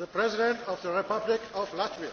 the President of the Republic of Latvia.